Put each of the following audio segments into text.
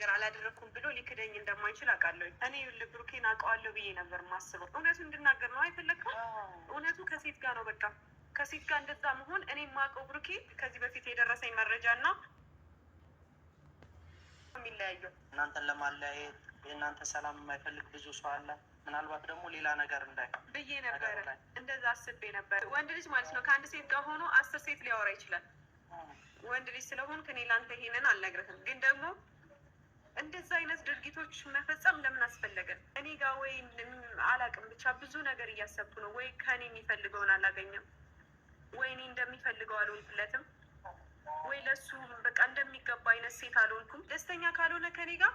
ነገር አላደረግኩም ብሎ ሊክደኝ እንደማይችል አውቃለሁ። እኔ ይኸውልህ ብሩኬን አውቀዋለሁ ብዬ ነበር ማስበው። እውነቱ እንድናገር ነው አይፈለግም። እውነቱ ከሴት ጋር ነው። በቃ ከሴት ጋር እንደዛ መሆን እኔ የማውቀው ብሩኬ ከዚህ በፊት የደረሰኝ መረጃ እና የሚለያየው እናንተን ለማለያየት የእናንተ ሰላም የማይፈልግ ብዙ ሰው አለ። ምናልባት ደግሞ ሌላ ነገር እንዳይ ብዬ ነበረ። እንደዛ አስቤ ነበር። ወንድ ልጅ ማለት ነው ከአንድ ሴት ጋር ሆኖ አስር ሴት ሊያወራ ይችላል። ወንድ ልጅ ስለሆንክ እኔ ላንተ ይሄንን አልነግርህም፣ ግን ደግሞ እንደዛ አይነት ድርጊቶች መፈጸም ለምን አስፈለገን? እኔ ጋር ወይ አላቅም፣ ብቻ ብዙ ነገር እያሰብኩ ነው። ወይ ከኔ የሚፈልገውን አላገኘም፣ ወይ እኔ እንደሚፈልገው አልሆንኩለትም፣ ወይ ለሱ በቃ እንደሚገባ አይነት ሴት አልሆንኩም። ደስተኛ ካልሆነ ከኔ ጋ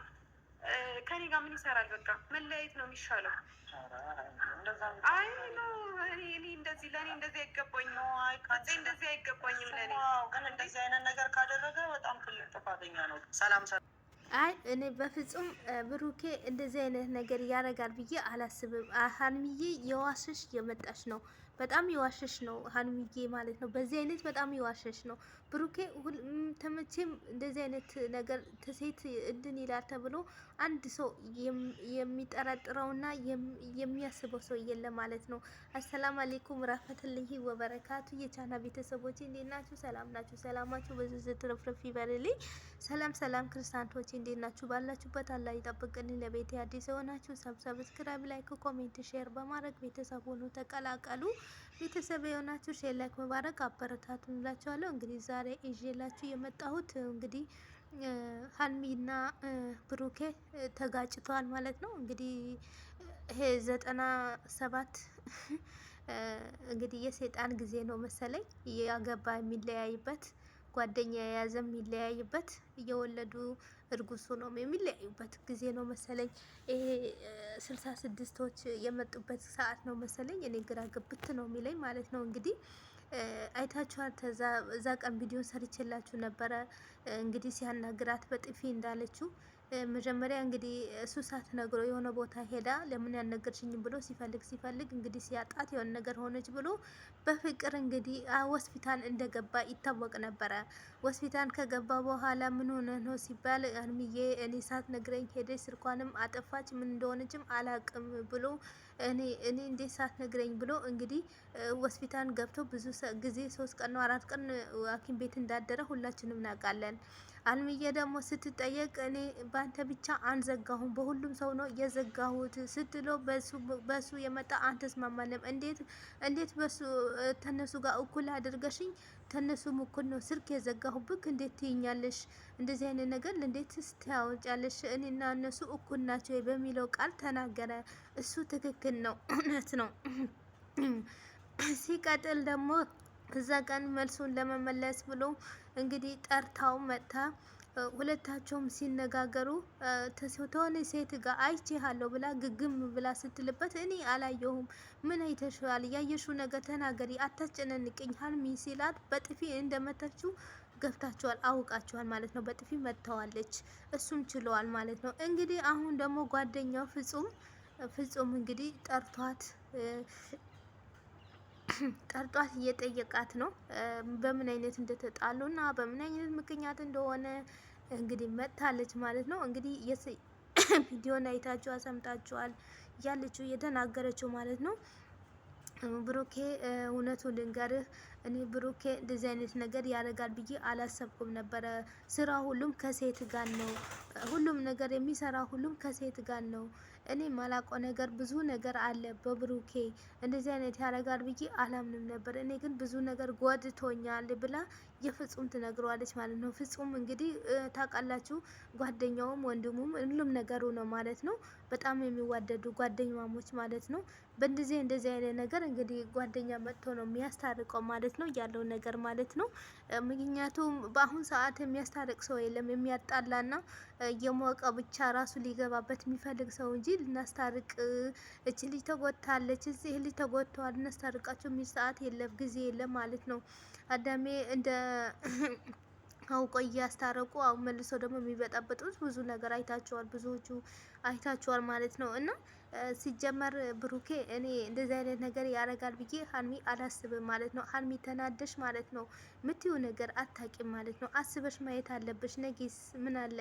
ከኔ ጋር ምን ይሰራል? በቃ መለያየት ነው የሚሻለው። አይ እኔ እንደዚህ ለእኔ እንደዚህ አይገባኝም፣ እንደዚህ አይገባኝም። ለእኔ ግን እንደዚህ አይነት ነገር ካደረገ በጣም ትልቅ ጥፋተኛ ነው። ሰላም ሰላም አይ እኔ በፍጹም ብሩኬ እንደዚህ አይነት ነገር ያደርጋል ብዬ አላስብም። ሀይሚዬ የዋሸሽ የመጣሽ ነው። በጣም የዋሸሽ ነው ሀይሚዬ ማለት ነው። በዚህ አይነት በጣም የዋሸሽ ነው ብሩኬ። ተመቼም እንደዚህ አይነት ነገር ተሴት እንድን ይላል ተብሎ አንድ ሰው የሚጠረጥረውና የሚያስበው ሰው የለም ማለት ነው። አሰላም አሌይኩም ራፈትልሂ ወበረካቱ የቻና ቤተሰቦች እንዴት ናችሁ? ሰላም ናችሁ? ሰላማችሁ በዝዝ ትርፍርፍ ይበልልኝ። ሰላም ሰላም ክርስቲያንቶች እንዴት ናችሁ? ባላችሁበት አላህ ይጠብቅን። ለቤት አዲስ የሆናችሁ ሰብሰብ፣ ስክራይብ፣ ላይክ፣ ኮሜንት፣ ሼር በማድረግ ቤተሰብ ሆኑ ተቀላቀሉ። ቤተሰብ የሆናችሁ ሼር ላይክ መባረክ አበረታቱ እንላችኋለሁ። እንግዲህ ዛሬ ይዤላችሁ የመጣሁት እንግዲህ ሀልሚና ብሩኬ ተጋጭተዋል ማለት ነው። እንግዲህ ይሄ ዘጠና ሰባት እንግዲህ የሰይጣን ጊዜ ነው መሰለኝ ያገባ የሚለያይበት ጓደኛ የያዘ የሚለያይበት እየወለዱ እርጉዝ ሆኖም የሚለያዩበት ጊዜ ነው መሰለኝ። ይሄ ስልሳ ስድስቶች የመጡበት ሰዓት ነው መሰለኝ። እኔ ግራ ግብት ነው የሚለኝ ማለት ነው። እንግዲህ አይታችኋል። እዛ ቀን ቪዲዮ ሰርቼላችሁ ነበረ። እንግዲህ ሲያናግራት በጥፊ እንዳለችው መጀመሪያ እንግዲህ ሱሳት ነግሮ የሆነ ቦታ ሄዳ ለምን ያልነገርሽኝ ብሎ ሲፈልግ ሲፈልግ እንግዲህ ሲያጣት የሆነ ነገር ሆነች ብሎ በፍቅር እንግዲህ ሆስፒታል እንደገባ ይታወቅ ነበረ። ሆስፒታል ከገባ በኋላ ምን ሆነ ነው ሲባል አልምዬ እኔ ሳት ነግረኝ ሄደች፣ ስልኳንም አጠፋች፣ ምን እንደሆነችም አላቅም ብሎ እኔ እኔ እንዴት ሳት ነግረኝ ብሎ እንግዲህ ሆስፒታል ገብቶ ብዙ ጊዜ ሶስት ቀን ነው አራት ቀን ሐኪም ቤት እንዳደረ ሁላችንም እናውቃለን። አልምዬ ደግሞ ስትጠየቅ እኔ ባንተ ብቻ አንዘጋሁም በሁሉም ሰው ነው የዘጋሁት ስትሎ በሱ የመጣ አንተስማማለም። እንዴት እንዴት በሱ ተነሱ ጋር እኩል አድርገሽኝ ተነሱ እኩል ነው ስልክ የዘጋሁብክ እንዴት ትይኛለሽ? እንደዚህ አይነት ነገር እንዴት ትያወጫለሽ? እኔና እነሱ እኩል ናቸው በሚለው ቃል ተናገረ። እሱ ትክክል ነው፣ እውነት ነው። ሲቀጥል ደግሞ እዛ ቀን መልሱን ለመመለስ ብሎ እንግዲህ ጠርታው መጥታ ሁለታቸውም ሲነጋገሩ ተሆነ ሴት ጋር አይቼሃለሁ ብላ ግግም ብላ ስትልበት እኔ አላየሁም፣ ምን አይተሽዋል? ያየሽው ነገር ተናገሪ፣ አታስጨነንቅኝ ሀልሚ ሲላት በጥፊ እንደመታችው ገፍታቸዋል፣ አውቃቸዋል ማለት ነው። በጥፊ መጥተዋለች፣ እሱም ችለዋል ማለት ነው። እንግዲህ አሁን ደግሞ ጓደኛው ፍጹም ፍጹም እንግዲህ ጠርቷት ቀርጧት እየጠየቃት ነው። በምን አይነት እንደተጣሉ እና በምን አይነት ምክንያት እንደሆነ እንግዲህ መጥታለች ማለት ነው። እንግዲህ ቪዲዮን አይታችሁ አሰምታችኋል ያለችው የተናገረችው ማለት ነው። ብሩኬ እውነቱ ልንገርህ፣ እኔ ብሩኬ እንደዚህ አይነት ነገር ያደርጋል ብዬ አላሰብኩም ነበረ። ስራ ሁሉም ከሴት ጋር ነው። ሁሉም ነገር የሚሰራ ሁሉም ከሴት ጋር ነው እኔ ማላቆ ነገር ብዙ ነገር አለ በብሩኬ እንደዚህ አይነት ያደርጋል ብዬ አላምንም ነበር። እኔ ግን ብዙ ነገር ጎድቶኛል ብላ የፍጹም ትነግረዋለች ማለት ነው። ፍጹም እንግዲህ ታውቃላችሁ፣ ጓደኛውም ወንድሙም ሁሉም ነገሩ ነው ማለት ነው። በጣም የሚዋደዱ ጓደኛሞች ማለት ነው። በእንደዚህ እንደዚህ አይነት ነገር እንግዲህ ጓደኛ መጥቶ ነው የሚያስታርቀው ማለት ነው፣ ያለው ነገር ማለት ነው። ምክንያቱም በአሁን ሰዓት የሚያስታርቅ ሰው የለም የሚያጣላ ና የሞቀ ብቻ ራሱ ሊገባበት የሚፈልግ ሰው እንጂ ልናስታርቅ እች ልጅ ተጎድታለች፣ እዚህ ልጅ ተጎድተዋል፣ ልናስታርቃቸው የሚል ሰዓት የለም፣ ጊዜ የለም ማለት ነው። አዳሜ እንደ አውቆ እያስታረቁ አሁን መልሰው ደግሞ የሚበጣበጡት ብዙ ነገር አይታችኋል፣ ብዙዎቹ አይታችኋል ማለት ነው እና ሲጀመር ብሩኬ እኔ እንደዚህ አይነት ነገር ያደርጋል ብዬ ሀልሚ አላስብም ማለት ነው። ሀልሚ ተናደሽ ማለት ነው ምትዩ ነገር አታቂም ማለት ነው። አስበሽ ማየት አለብሽ። ነጌስ ምን አለ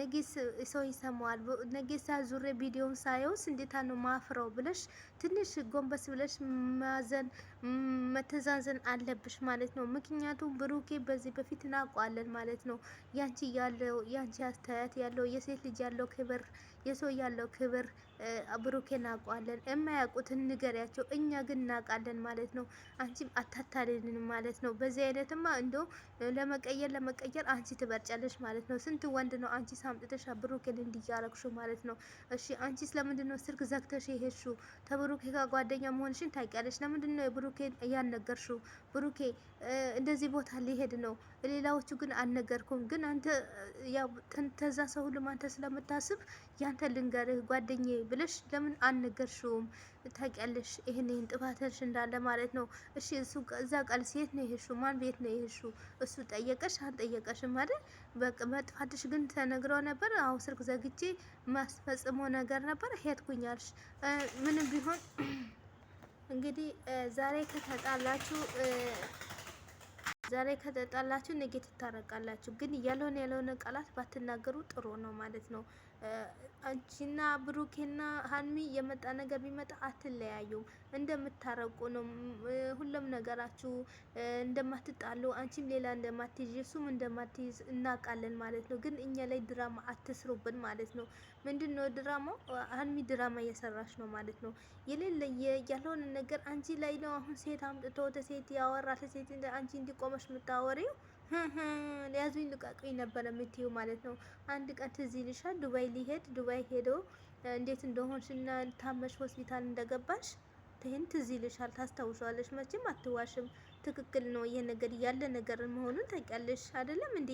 ነጌስ ሰው ይሰማዋል። ነጌስ ዙሬ ቪዲዮን ሳየውስ እንዴታ ነው ማፍረው ብለሽ ትንሽ ጎንበስ ብለሽ ማዘን መተዛዘን አለብሽ ማለት ነው። ምክንያቱም ብሩኬ በዚህ በፊት እናውቀዋለን ማለት ነው። ያንቺ ያለው ያንቺ አስተያየት ያለው የሴት ልጅ ያለው ክብር የሰው ያለው ክብር ብሩኬ እናውቀዋለን፣ የማያውቁትን ንገሪያቸው፣ እኛ ግን እናውቃለን ማለት ነው። አንቺም አታታልልን ማለት ነው። በዚህ አይነትማ እንደው ለመቀየር ለመቀየር አንቺ ትበርጫለሽ ማለት ነው። ስንት ወንድ ነው አንቺ ሳምጥተሽ ብሩኬን እንዲያረግሹ ማለት ነው። እሺ አንቺ ስለምንድን ነው ስልክ ዘግተሽ ይሄሹ? ተብሩኬ ጋር ጓደኛ መሆንሽን ታውቂያለሽ። ለምንድን ነው ብሩኬን እያልነገርሹ? ብሩኬ እንደዚህ ቦታ ሊሄድ ነው፣ ሌላዎቹ ግን አልነገርኩም። ግን አንተ ያው ተዛ ሰው ሁሉም አንተ ስለምታስብ ያንተ ልንገርህ ጓደኛዬ ብለሽ ለምን አንነገርሽውም? ታውቂያለሽ ይህን ይህን ጥፋትሽ እንዳለ ማለት ነው። እሺ እሱ እዛ ቃል ሴት ነው ይሄሹ ማን ቤት ነው ይሄሹ? እሱ ጠየቀሽ አልጠየቀሽም አይደል? በቃ መጥፋትሽ ግን ተነግረው ነበር። አሁን ስልክ ዘግቼ ማስፈጽሞ ነገር ነበር ሄድኩኛልሽ ምንም ቢሆን እንግዲህ ዛሬ ከተጣላችሁ ዛሬ ከተጣላችሁ ነገ ትታረቃላችሁ። ግን ያልሆነ ያልሆነ ቃላት ባትናገሩ ጥሩ ነው ማለት ነው። አንቺና ብሩኬና ሀንሚ የመጣ ነገር ቢመጣ አትለያዩም፣ እንደምታረቁ ነው ሁሉም ነገራችሁ። እንደማትጣሉ አንቺም ሌላ እንደማትይዥ እሱም እንደማትይዝ እናውቃለን ማለት ነው። ግን እኛ ላይ ድራማ አትስሩብን ማለት ነው። ምንድን ነው ድራማው? ሀንሚ ድራማ እየሰራች ነው ማለት ነው። የሌለ ያልሆነ ነገር አንቺ ላይ ነው። አሁን ሴት አምጥቶ ተሴት ያወራ ተሴት አንቺ እንዲቆመሽ የምታወሪው ያዙኝ ልቃቁኝ ነበረ የምትይው ማለት ነው። አንድ ቀን ትዝ ይልሻል ዱባይ ሊሄድ ዱባይ ሄዶ እንዴት እንደሆንሽና ታመሽ ሆስፒታል እንደገባሽ ይህን ትዝ ይልሻል፣ ታስታውሻለሽ። መቼም አትዋሽም። ትክክል ነው። ይሄ ነገር ያለ ነገር መሆኑን ታውቂያለሽ አይደለም እንዴ?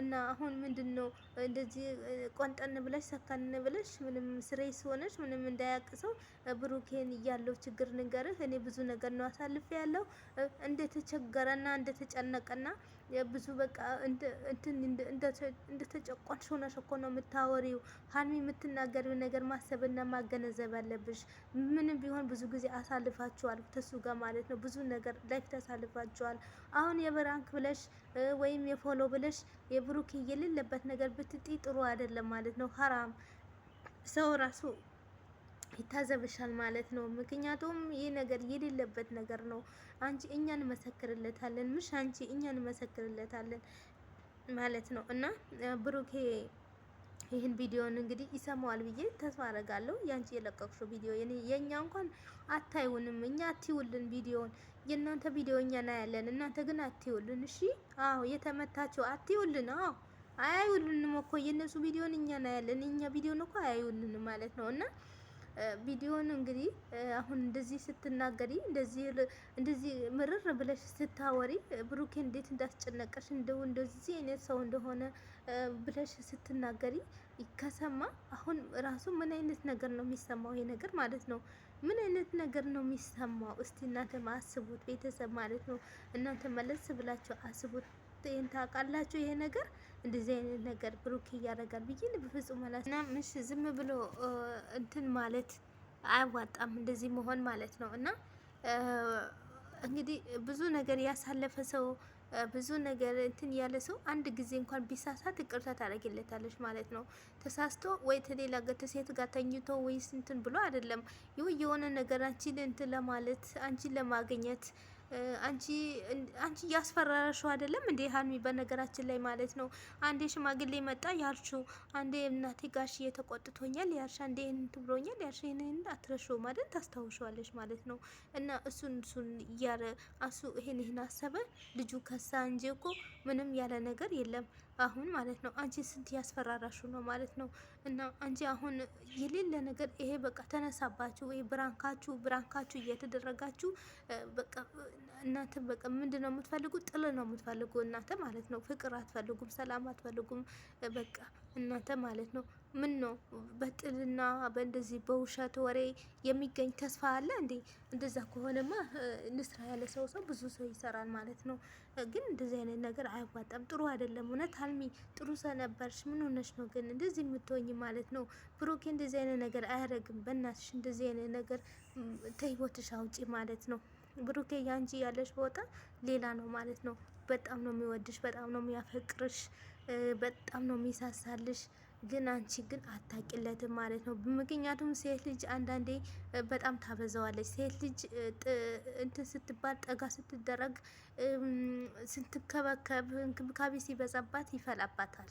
እና አሁን ምንድን ነው እንደዚህ ቆንጠን ብለሽ ሰካን ብለሽ ምንም ስሬስ ሆነሽ ምንም እንዳያቅ ሰው ብሩኬን እያለው ችግር ንገርህ። እኔ ብዙ ነገር ነው አሳልፌ ያለው እንደተቸገረና እንደተጨነቀና የብዙ በቃ እንትን እንደተጨቆንሽ ሆነሽ እኮ ነው የምታወሪው። ሀልሚ የምትናገሪው ነገር ማሰብና ማገነዘብ አለብሽ። ምንም ቢሆን ብዙ ጊዜ አሳልፋችኋል ከሱ ጋር ማለት ነው። ብዙ ነገር ላይፍ ታሳልፋችኋል። አሁን የበራንክ ብለሽ ወይም የፎሎ ብለሽ የብሩክ የሌለበት ነገር ብትጢ ጥሩ አይደለም ማለት ነው። ሀራም ሰው ራሱ ይታዘብሻል ማለት ነው። ምክንያቱም ይህ ነገር የሌለበት ነገር ነው። አንቺ እኛ እንመሰክርለታለን፣ ምሽ አንቺ እኛ እንመሰክርለታለን ማለት ነው እና ብሩኬ ይህን ቪዲዮን እንግዲህ ይሰማዋል ብዬ ተስፋ አረጋለሁ። ያንቺ የለቀቅሽው ቪዲዮ የእኛ እንኳን አታዩንም፣ እኛ አትዩልን ቪዲዮን። የእናንተ ቪዲዮ እኛ እናያለን፣ እናንተ ግን አትዩልን። እሺ፣ አዎ፣ የተመታቸው አትዩልን። አዎ፣ አያዩልንም እኮ የእነሱ ቪዲዮን እኛ እናያለን፣ እኛ ቪዲዮን እኮ አያዩልን ማለት ነው እና ቪዲዮን እንግዲህ አሁን እንደዚህ ስትናገሪ እንደዚህ እንደዚህ ምርር ብለሽ ስታወሪ ብሩኬ እንዴት እንዳስጨነቀሽ እንደው እንደዚህ አይነት ሰው እንደሆነ ብለሽ ስትናገሪ ከሰማ አሁን ራሱ ምን አይነት ነገር ነው የሚሰማው? ይሄ ነገር ማለት ነው። ምን አይነት ነገር ነው የሚሰማው? እስቲ እናንተ አስቡት፣ ቤተሰብ ማለት ነው። እናንተ መለስ ብላችሁ አስቡት። ይህን ታውቃላችሁ ይሄ ነገር እንደዚህ አይነት ነገር ብሩክ እያደረጋል ብዬ በፍጹም መላስ እና ምሽ ዝም ብሎ እንትን ማለት አያዋጣም፣ እንደዚህ መሆን ማለት ነው። እና እንግዲህ ብዙ ነገር ያሳለፈ ሰው ብዙ ነገር እንትን ያለ ሰው አንድ ጊዜ እንኳን ቢሳሳት ይቅርታ ታደርግለታለች ማለት ነው። ተሳስቶ ወይ ተሌላ ተሴት ጋር ተኝቶ ወይስ እንትን ብሎ አይደለም ይሁ የሆነ ነገር አንቺን እንትን ለማለት አንቺን ለማግኘት አንቺ አንቺ እያስፈራራሽው አይደለም እንዴ ሀልሚ? በነገራችን ላይ ማለት ነው አንዴ ሽማግሌ መጣ ያልሽው፣ አንዴ እናቴ ጋሽ እየተቆጥቶኛል ያልሽ፣ አንዴ ይህንን ትብሎኛል ያልሽ፣ ይህንን አትረሺው ማለት ታስታውሸዋለሽ ማለት ነው። እና እሱን እሱን እያረ እሱ ይህን ይህን አሰበ ልጁ ከሳ እንጂ እኮ ምንም ያለ ነገር የለም። አሁን ማለት ነው አንቺ ስንት ያስፈራራሹ ነው ማለት ነው። እና አንቺ አሁን የሌለ ነገር ይሄ በቃ ተነሳባችሁ ወይ ብራንካችሁ ብራንካችሁ እየተደረጋችሁ በቃ እናንተ በቃ ምንድን ነው የምትፈልጉ? ጥል ነው የምትፈልጉ እናንተ ማለት ነው። ፍቅር አትፈልጉም፣ ሰላም አትፈልጉም። በቃ እናንተ ማለት ነው። ምን ነው በጥልና በእንደዚህ በውሸት ወሬ የሚገኝ ተስፋ አለ እንዴ? እንደዛ ከሆነማ ንስራ ያለ ሰው ሰው ብዙ ሰው ይሰራል ማለት ነው። ግን እንደዚህ አይነት ነገር አያዋጣም፣ ጥሩ አይደለም። እውነት አልሚ ጥሩ ሰው ምን ሆነሽ ነው ግን እንደዚህ የምትሆኝ ማለት ነው? ብሩኬ እንደዚህ አይነት ነገር አያደርግም። በእናትሽ እንደዚህ አይነት ነገር ተህይወትሽ አውጪ ማለት ነው። ብሩኬ ያንቺ ያለሽ ቦታ ሌላ ነው ማለት ነው። በጣም ነው የሚወድሽ፣ በጣም ነው የሚያፈቅርሽ በጣም ነው የሚሳሳልሽ። ግን አንቺ ግን አታቂለትም ማለት ነው። ምክንያቱም ሴት ልጅ አንዳንዴ በጣም ታበዛዋለች። ሴት ልጅ እንትን ስትባል ጠጋ ስትደረግ ስትከበከብ እንክብካቤ ሲበዛባት ይፈላባታል።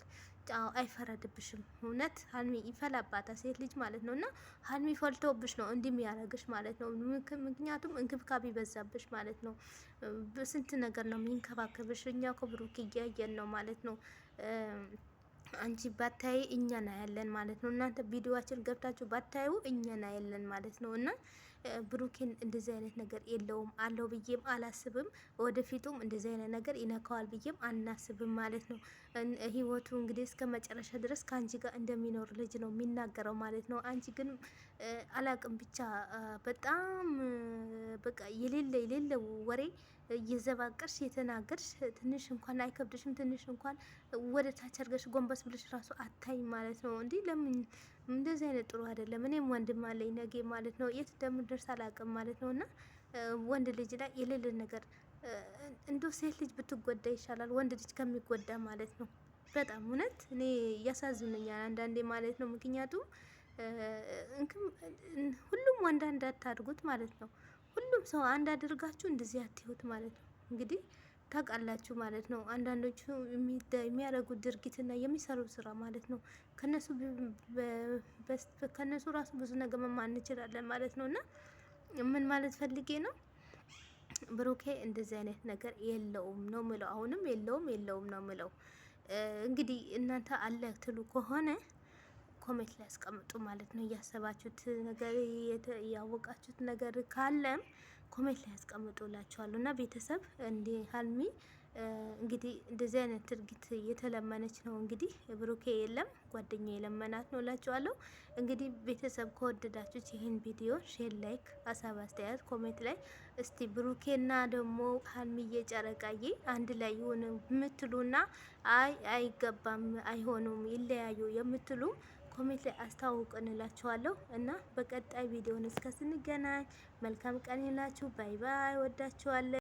አይፈረድብሽም። እውነት ሀልሚ ይፈላባታል፣ ሴት ልጅ ማለት ነው። እና ሀልሚ ፈልቶብሽ ነው እንዲህ የሚያደርግሽ ማለት ነው። ምክንያቱም እንክብካቤ ይበዛብሽ ማለት ነው። በስንት ነገር ነው የሚንከባከብሽ። እኛ ብሩክ እያየን ነው ማለት ነው። አንቺ ባታይ እኛ ናያለን ማለት ነው። እናንተ ቪዲዮችን ገብታችሁ ባታዩ እኛ ናያለን ማለት ነው እና ብሩኬን እንደዚህ አይነት ነገር የለውም አለው ብዬም አላስብም። ወደፊቱም እንደዚህ አይነት ነገር ይነካዋል ብዬም አናስብም ማለት ነው። ህይወቱ እንግዲህ እስከ መጨረሻ ድረስ ከአንቺ ጋር እንደሚኖር ልጅ ነው የሚናገረው ማለት ነው። አንቺ ግን አላቅም ብቻ በጣም በቃ የሌለ የሌለ ወሬ እየዘባቀርሽ የተናገርሽ ትንሽ እንኳን አይከብድሽም። ትንሽ እንኳን ወደ ታች አድርገሽ ጎንበስ ብለሽ ራሱ አታይ ማለት ነው። እንዲህ ለምን እንደዚህ አይነት ጥሩ አይደለም። እኔም ወንድም አለኝ ነጌ ማለት ነው። የት እንደምደርስ አላውቅም ማለት ነው። እና ወንድ ልጅ ላይ የሌለ ነገር እንደ ሴት ልጅ ብትጎዳ ይሻላል ወንድ ልጅ ከሚጎዳ ማለት ነው። በጣም እውነት እኔ ያሳዝነኛል አንዳንዴ ማለት ነው። ምክንያቱም ሁሉም ወንድ እንዳታድርጉት ማለት ነው። ሁሉም ሰው አንድ አድርጋችሁ እንደዚህ አትዩት ማለት ነው። እንግዲህ ታውቃላችሁ ማለት ነው። አንዳንዶቹ የሚያደርጉት ድርጊትና የሚሰሩ ስራ ማለት ነው ከነሱ ከነሱ ራሱ ብዙ ነገር መማር እንችላለን ማለት ነው። እና ምን ማለት ፈልጌ ነው ብሩኬ እንደዚህ አይነት ነገር የለውም ነው ምለው። አሁንም የለውም የለውም ነው ምለው። እንግዲህ እናንተ አለ ትሉ ከሆነ ኮሜንት ላይ አስቀምጡ ማለት ነው። እያሰባችሁት ነገር ያወቃችሁት ነገር ካለም ኮሜንት ላይ ያስቀምጡላችኋለሁ እና ቤተሰብ እንዲ ሀልሚ እንግዲህ እንደዚህ አይነት ድርጊት እየተለመነች ነው። እንግዲህ ብሩኬ የለም ጓደኛ የለመናት ነው እላችኋለሁ። እንግዲህ ቤተሰብ ከወደዳችሁት ይህን ቪዲዮ ሼር፣ ላይክ፣ ሀሳብ አስተያየት ኮሜንት ላይ እስቲ ብሩኬና ደግሞ ሀልሚዬ ጨረቃዬ አንድ ላይ የሆነ የምትሉና አይ አይገባም አይሆኑም ይለያዩ የምትሉ ኮሜንት ላይ አስተዋውቁን እላችኋለሁ እና በቀጣይ ቪዲዮን እስከ ስንገናኝ መልካም ቀን ይላችሁ። ባይ ባይ። ወዳችኋለሁ።